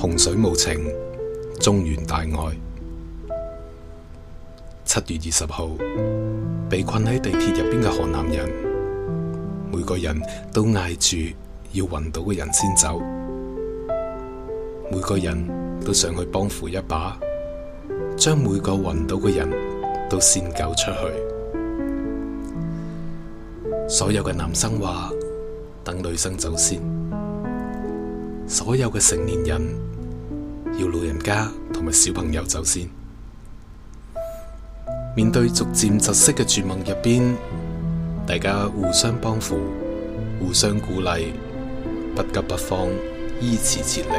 洪水無情，中原大愛。七月二十號，被困喺地鐵入邊嘅河南人，每個人都嗌住要暈倒嘅人先走，每個人都想去幫扶一把，將每個暈倒嘅人都先救出去。所有嘅男生話：等女生走先。所有嘅成年人要老人家同埋小朋友走先，面對逐漸窒息嘅絕望入邊，大家互相幫扶，互相鼓勵，不急不慌，依次撤離。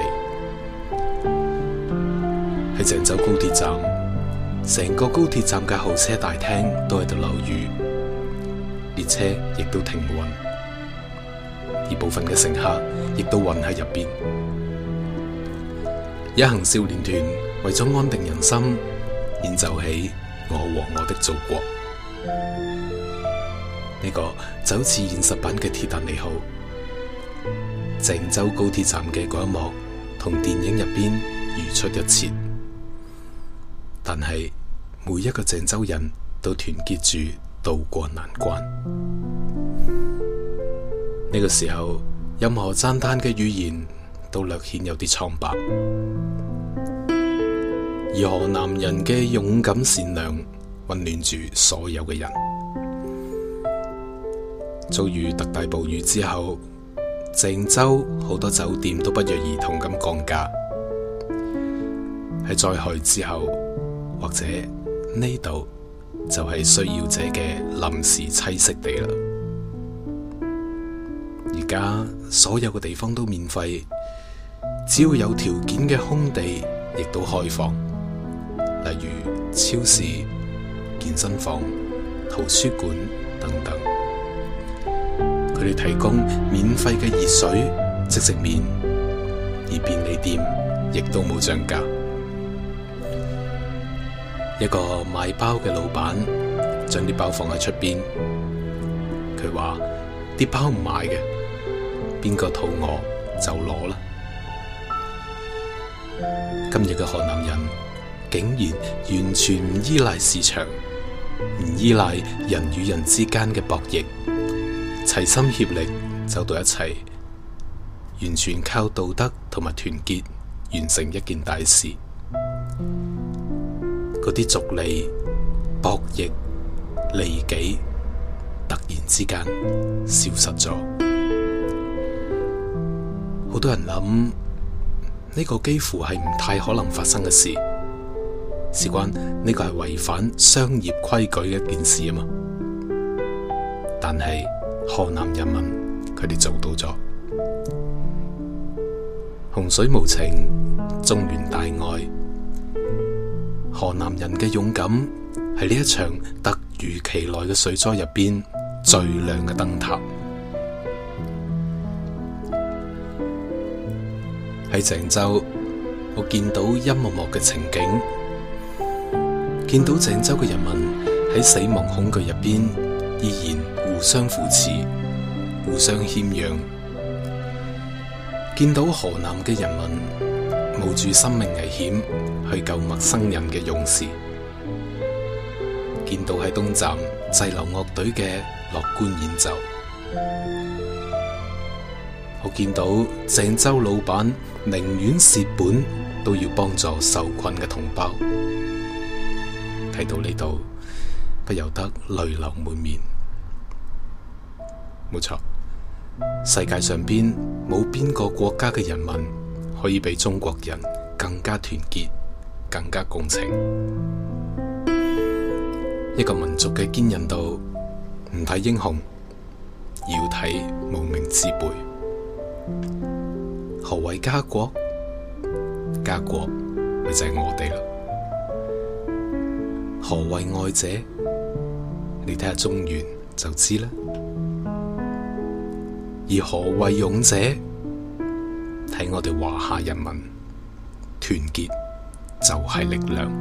喺鄭州高鐵站，成個高鐵站嘅候車大廳都喺度漏雨，列車亦都停運。而部分嘅乘客亦都混喺入邊，一行少年團為咗安定人心，演奏起《我和我的祖國》。呢個就好似現實版嘅鐵達尼號，鄭州高鐵站嘅嗰一幕同電影入邊如出一轍，但係每一個鄭州人都團結住渡過難關。呢個時候，任何讚嘆嘅語言都略顯有啲蒼白，而河南人嘅勇敢善良溫暖住所有嘅人。遭遇特大暴雨之後，鄭州好多酒店都不約而同咁降價。喺災害之後，或者呢度就係、是、需要者嘅臨時棲息地啦。而家所有嘅地方都免費，只要有條件嘅空地亦都開放，例如超市、健身房、圖書館等等。佢哋提供免費嘅熱水、即食麵，而便利店亦都冇漲價。一個賣包嘅老闆將啲包放喺出邊，佢話啲包唔賣嘅。邊個肚餓就攞啦！今日嘅河南人竟然完全唔依賴市場，唔依賴人與人之間嘅博弈，齊心協力走到一齊，完全靠道德同埋團結完成一件大事。嗰啲逐利、博弈、利己，突然之間消失咗。好多人諗呢個幾乎係唔太可能發生嘅事，事關呢個係違反商業規矩嘅一件事啊嘛。但係河南人民佢哋做到咗，洪水無情，中原大愛，河南人嘅勇敢係呢一場突如其來嘅水災入邊最亮嘅燈塔。喺鄭州，我見到一幕幕嘅情景，見到鄭州嘅人民喺死亡恐懼入邊依然互相扶持、互相謙讓，見到河南嘅人民冒住生命危險去救陌生人嘅勇士，見到喺東站滯留樂隊嘅樂觀演奏。我見到鄭州老闆寧願蝕本都要幫助受困嘅同胞，睇到呢度不由得淚流滿面。冇錯，世界上邊冇邊個國家嘅人民可以比中國人更加團結、更加共情。一個民族嘅堅韌度唔睇英雄，要睇無名之輩。何為家國？家國咪就係我哋啦。何為愛者？你睇下中原就知啦。而何為勇者？睇我哋華夏人民，團結就係力量。